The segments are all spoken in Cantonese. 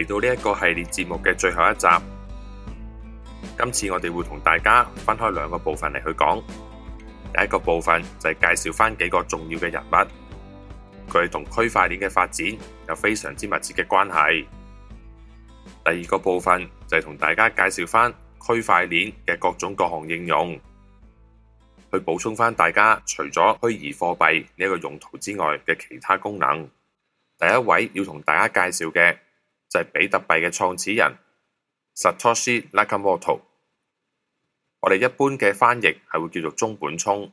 嚟到呢一個系列節目嘅最後一集，今次我哋會同大家分開兩個部分嚟去講。第一個部分就係介紹翻幾個重要嘅人物，佢同區塊鏈嘅發展有非常之密切嘅關係。第二個部分就係同大家介紹翻區塊鏈嘅各種各項應用，去補充翻大家除咗虛擬貨幣呢個用途之外嘅其他功能。第一位要同大家介紹嘅。就係比特幣嘅創始人 Satoshi Nakamoto，我哋一般嘅翻譯係會叫做中本聰，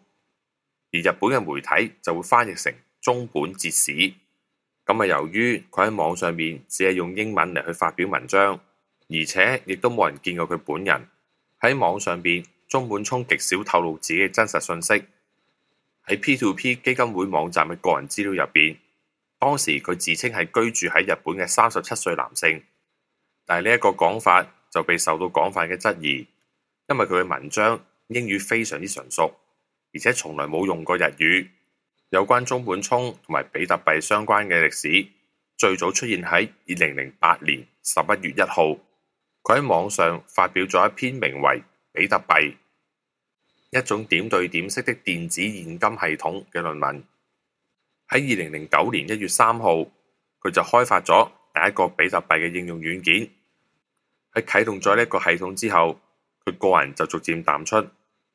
而日本嘅媒體就會翻譯成中本哲史。咁啊，由於佢喺網上面只係用英文嚟去發表文章，而且亦都冇人見過佢本人。喺網上邊，中本聰極少透露自己嘅真實信息喺 P2P 基金會網站嘅個人資料入邊。當時佢自稱係居住喺日本嘅三十七歲男性，但係呢一個講法就被受到廣泛嘅質疑，因為佢嘅文章英語非常之純熟，而且從來冇用過日語。有關中本聰同埋比特幣相關嘅歷史，最早出現喺二零零八年十一月一號，佢喺網上發表咗一篇名為《比特幣：一種點對點式的電子現金系統》嘅論文。喺二零零九年一月三號，佢就開發咗第一個比特幣嘅應用軟件。喺啟動咗呢一個系統之後，佢個人就逐漸淡出，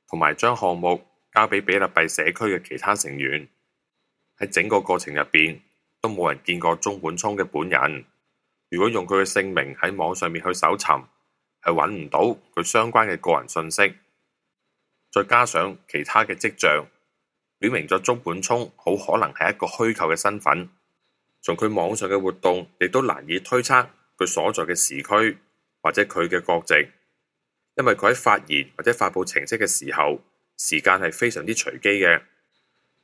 同埋將項目交俾比特幣社區嘅其他成員。喺整個過程入邊，都冇人見過中本聰嘅本人。如果用佢嘅姓名喺網上面去搜尋，係揾唔到佢相關嘅個人信息。再加上其他嘅跡象。表明咗中本聰好可能係一個虛構嘅身份。從佢網上嘅活動亦都難以推測佢所在嘅時區或者佢嘅國籍，因為佢喺發言或者發布程式嘅時候，時間係非常之隨機嘅，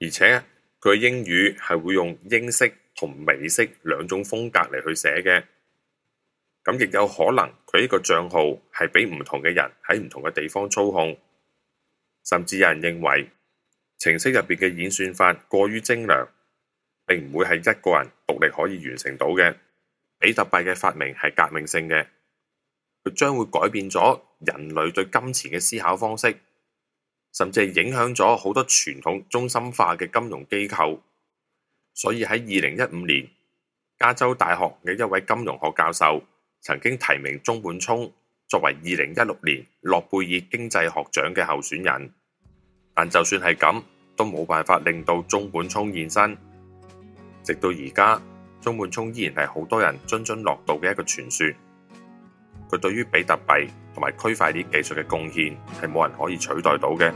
而且佢嘅英語係會用英式同美式兩種風格嚟去寫嘅，咁亦有可能佢呢個賬號係俾唔同嘅人喺唔同嘅地方操控，甚至有人認為。程式入邊嘅演算法過於精良，並唔會係一個人獨立可以完成到嘅。比特幣嘅發明係革命性嘅，佢將會改變咗人類對金錢嘅思考方式，甚至影響咗好多傳統中心化嘅金融機構。所以喺二零一五年，加州大學嘅一位金融學教授曾經提名中本聰作為二零一六年諾貝爾經濟學獎嘅候選人。但就算係咁，都冇辦法令到中本聰現身。直到而家，中本聰依然係好多人津津樂道嘅一個傳説。佢對於比特幣同埋區塊鏈技術嘅貢獻，係冇人可以取代到嘅。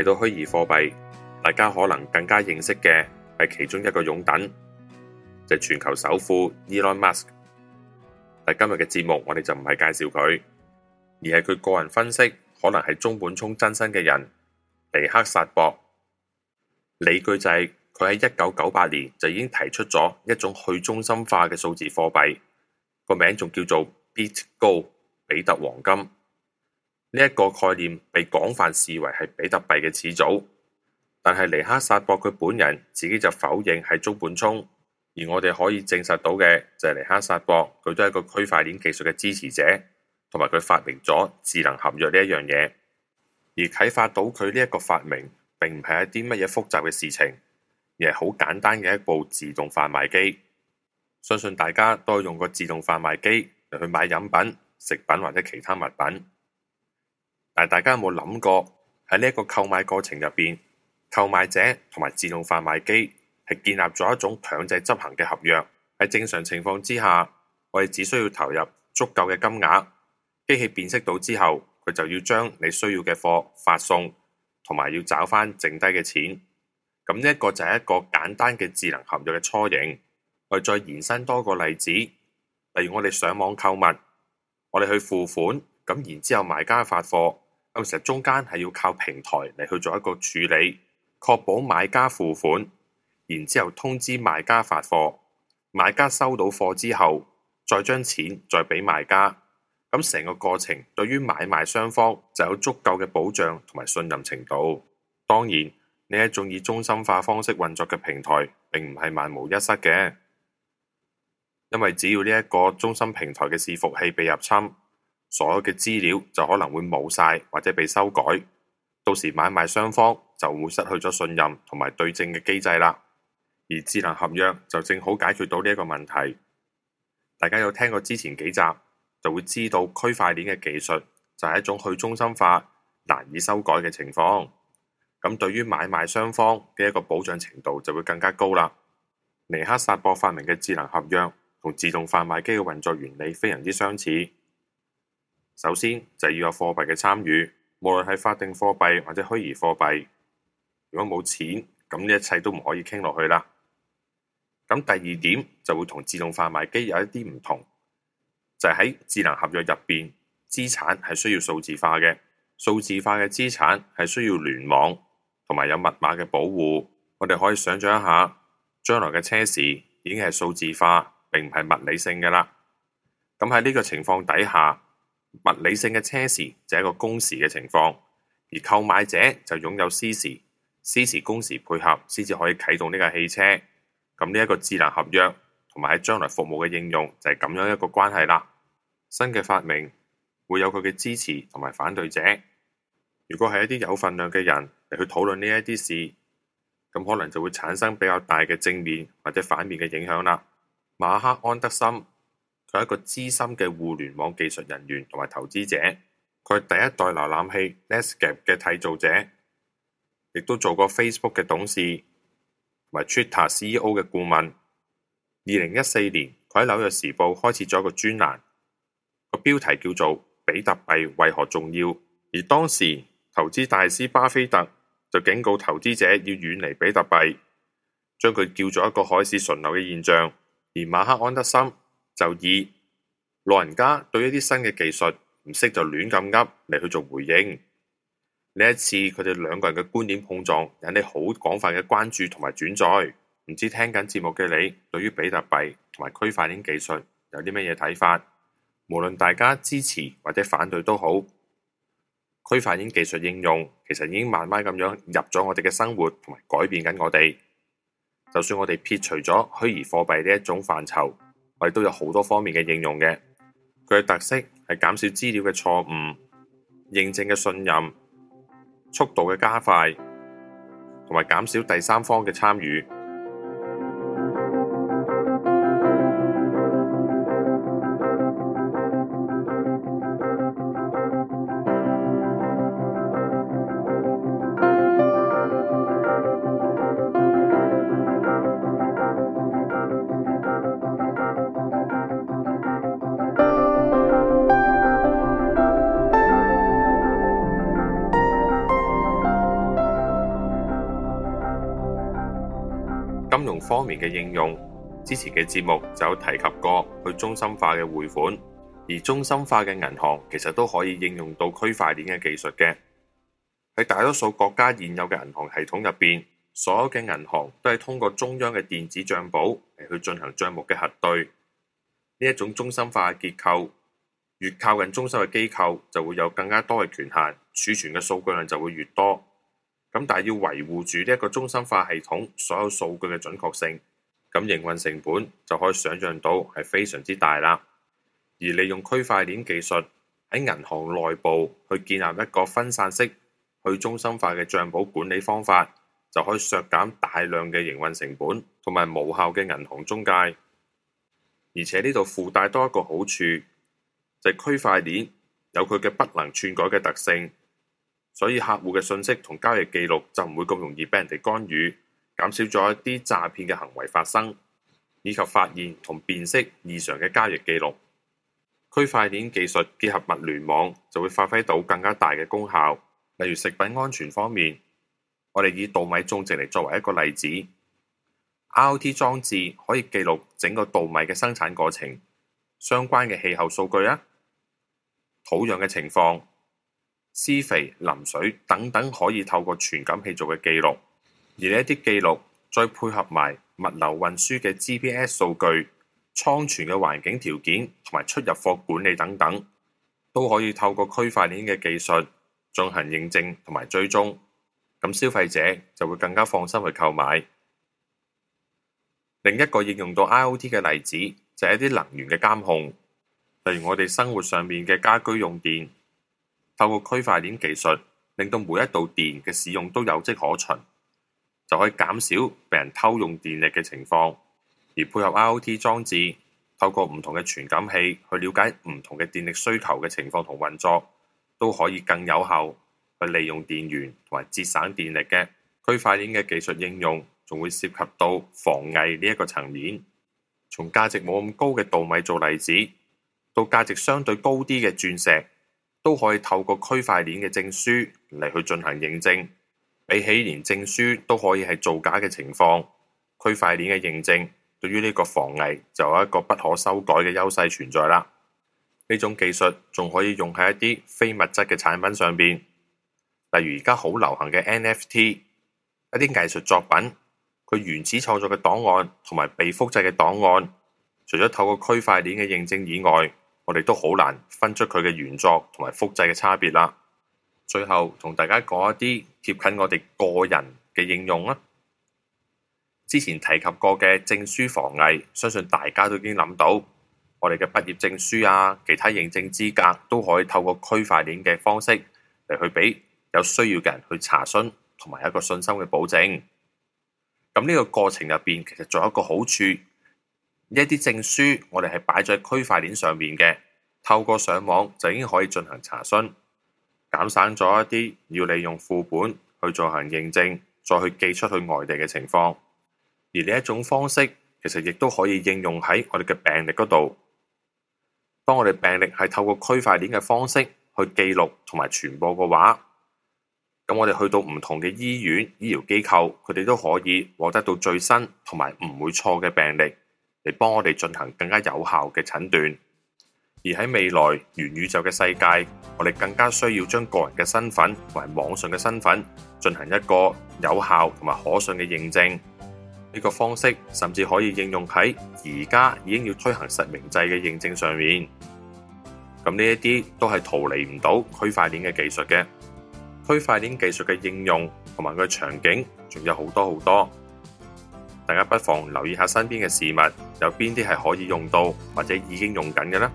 睇到虛擬貨幣，大家可能更加認識嘅係其中一個擁躉，就係、是、全球首富 Elon Musk。但今日嘅節目，我哋就唔係介紹佢，而係佢個人分析，可能係中本聰真身嘅人——尼克薩博。理據就係佢喺一九九八年就已經提出咗一種去中心化嘅數字貨幣，個名仲叫做 Bit Gold 比特黃金。呢一個概念被廣泛視為係比特幣嘅始祖，但係尼克薩博佢本人自己就否認係中本聰。而我哋可以證實到嘅就係尼克薩博佢都係一個區塊鏈技術嘅支持者，同埋佢發明咗智能合約呢一樣嘢。而啟發到佢呢一個發明，並唔係一啲乜嘢複雜嘅事情，而係好簡單嘅一部自動販賣機。相信大家都用過自動販賣機去買飲品、食品或者其他物品。大家有冇諗過喺呢一個購買過程入邊，購買者同埋自動販賣機係建立咗一種強制執行嘅合約。喺正常情況之下，我哋只需要投入足夠嘅金額，機器辨識到之後，佢就要將你需要嘅貨發送，同埋要找翻剩低嘅錢。咁呢一個就係一個簡單嘅智能合約嘅雛形。我哋再延伸多個例子，例如我哋上網購物，我哋去付款，咁然之後賣家發貨。咁成日中間係要靠平台嚟去做一個處理，確保買家付款，然之後通知賣家發貨，買家收到貨之後，再將錢再俾賣家。咁成個過程對於買賣雙方就有足夠嘅保障同埋信任程度。當然，呢一種以中心化方式運作嘅平台，並唔係萬無一失嘅，因為只要呢一個中心平台嘅伺服器被入侵。所有嘅資料就可能會冇晒或者被修改，到時買賣雙方就會失去咗信任同埋對證嘅機制啦。而智能合約就正好解決到呢一個問題。大家有聽過之前幾集就會知道，區塊鏈嘅技術就係一種去中心化、難以修改嘅情況。咁對於買賣雙方嘅一個保障程度就會更加高啦。尼克薩博發明嘅智能合約同自動販賣機嘅運作原理非常之相似。首先就是、要有貨幣嘅參與，無論係法定貨幣或者虛擬貨幣。如果冇錢，咁一切都唔可以傾落去啦。咁第二點就會同自動販賣機有一啲唔同，就係、是、喺智能合約入邊，資產係需要數字化嘅。數字化嘅資產係需要聯網同埋有密碼嘅保護。我哋可以想象一下，將來嘅車市已經係數字化，並唔係物理性嘅啦。咁喺呢個情況底下。物理性嘅車匙就係一個公匙，嘅情況，而購買者就擁有私匙，私匙公匙配合先至可以啟動呢架汽車。咁呢一個智能合約，同埋喺將來服務嘅應用就係咁樣一個關係啦。新嘅發明會有佢嘅支持同埋反對者。如果係一啲有份量嘅人嚟去討論呢一啲事，咁可能就會產生比較大嘅正面或者反面嘅影響啦。馬克安德森。佢係一個資深嘅互聯網技術人員同埋投資者，佢係第一代瀏覽器 Netscape 嘅締造者，亦都做過 Facebook 嘅董事同埋 Twitter CEO 嘅顧問。二零一四年，佢喺紐約時報開設咗一個專欄，個標題叫做《比特幣為何重要》。而當時投資大師巴菲特就警告投資者要遠離比特幣，將佢叫做一個海市蜃樓嘅現象。而馬克安德森。就以老人家對一啲新嘅技術唔識就亂咁噏嚟去做回應。呢一次佢哋兩個人嘅觀點碰撞引起好廣泛嘅關注同埋轉載。唔知聽緊節目嘅你對於比特幣同埋區塊鏈技術有啲咩嘢睇法？無論大家支持或者反對都好，區塊鏈技術應用其實已經慢慢咁樣入咗我哋嘅生活同埋改變緊我哋。就算我哋撇除咗虛擬貨幣呢一種範疇。我哋都有好多方面嘅應用嘅，佢嘅特色係減少資料嘅錯誤，認證嘅信任，速度嘅加快，同埋減少第三方嘅參與。方面嘅應用，之前嘅節目就有提及過去中心化嘅匯款，而中心化嘅銀行其實都可以應用到區塊鏈嘅技術嘅。喺大多數國家現有嘅銀行系統入邊，所有嘅銀行都係通過中央嘅電子帳簿嚟去進行帳目嘅核對。呢一種中心化嘅結構，越靠近中心嘅機構就會有更加多嘅權限，儲存嘅數據量就會越多。咁但係要維護住呢一個中心化系統，所有數據嘅準確性，咁營運成本就可以想象到係非常之大啦。而利用區塊鏈技術喺銀行內部去建立一個分散式去中心化嘅帳簿管理方法，就可以削減大量嘅營運成本同埋無效嘅銀行中介。而且呢度附帶多一個好處，就係區塊鏈有佢嘅不能篡改嘅特性。所以客戶嘅信息同交易記錄就唔會咁容易俾人哋干預，減少咗一啲詐騙嘅行為發生，以及發現同辨識異常嘅交易記錄。區塊鏈技術結合物聯網，就會發揮到更加大嘅功效。例如食品安全方面，我哋以稻米種植嚟作為一個例子，IoT 裝置可以記錄整個稻米嘅生產過程，相關嘅氣候數據啊、土壤嘅情況。施肥、淋水等等可以透過傳感器做嘅記錄，而呢啲記錄再配合埋物流運輸嘅 GPS 數據、倉存嘅環境條件同埋出入貨管理等等，都可以透過區塊鏈嘅技術進行認證同埋追蹤，咁消費者就會更加放心去購買。另一個應用到 IOT 嘅例子就係一啲能源嘅監控，例如我哋生活上面嘅家居用電。透過區塊鏈技術，令到每一度電嘅使用都有跡可循，就可以減少被人偷用電力嘅情況。而配合 IoT 裝置，透過唔同嘅傳感器去了解唔同嘅電力需求嘅情況同運作，都可以更有效去利用電源同埋節省電力嘅區塊鏈嘅技術應用，仲會涉及到防偽呢一個層面。從價值冇咁高嘅稻米做例子，到價值相對高啲嘅鑽石。都可以透過區塊鏈嘅證書嚟去進行認證，比起連證書都可以係造假嘅情況，區塊鏈嘅認證對於呢個防偽就有一個不可修改嘅優勢存在啦。呢種技術仲可以用喺一啲非物質嘅產品上邊，例如而家好流行嘅 NFT，一啲藝術作品佢原始創作嘅檔案同埋被複製嘅檔案，除咗透過區塊鏈嘅認證以外。我哋都好難分出佢嘅原作同埋複製嘅差別啦。最後同大家講一啲貼近我哋個人嘅應用啦。之前提及過嘅證書防偽，相信大家都已經諗到，我哋嘅畢業證書啊，其他認證資格都可以透過區塊鏈嘅方式嚟去俾有需要嘅人去查詢，同埋一個信心嘅保證。咁呢個過程入邊，其實仲有一個好處。一啲證書，我哋係擺在區塊鏈上面嘅。透過上網就已經可以進行查詢，減省咗一啲要利用副本去進行認證，再去寄出去外地嘅情況。而呢一種方式，其實亦都可以應用喺我哋嘅病歷嗰度。當我哋病歷係透過區塊鏈嘅方式去記錄同埋傳播嘅話，咁我哋去到唔同嘅醫院、醫療機構，佢哋都可以獲得到最新同埋唔會錯嘅病歷。嚟幫我哋進行更加有效嘅診斷，而喺未來元宇宙嘅世界，我哋更加需要將個人嘅身份同埋網上嘅身份進行一個有效同埋可信嘅認證。呢個方式甚至可以應用喺而家已經要推行實名制嘅認證上面。咁呢一啲都係逃離唔到區塊鏈嘅技術嘅。區塊鏈技術嘅應用同埋佢嘅場景，仲有好多好多。大家不妨留意下身邊嘅事物，有邊啲係可以用到或者已經用緊嘅呢？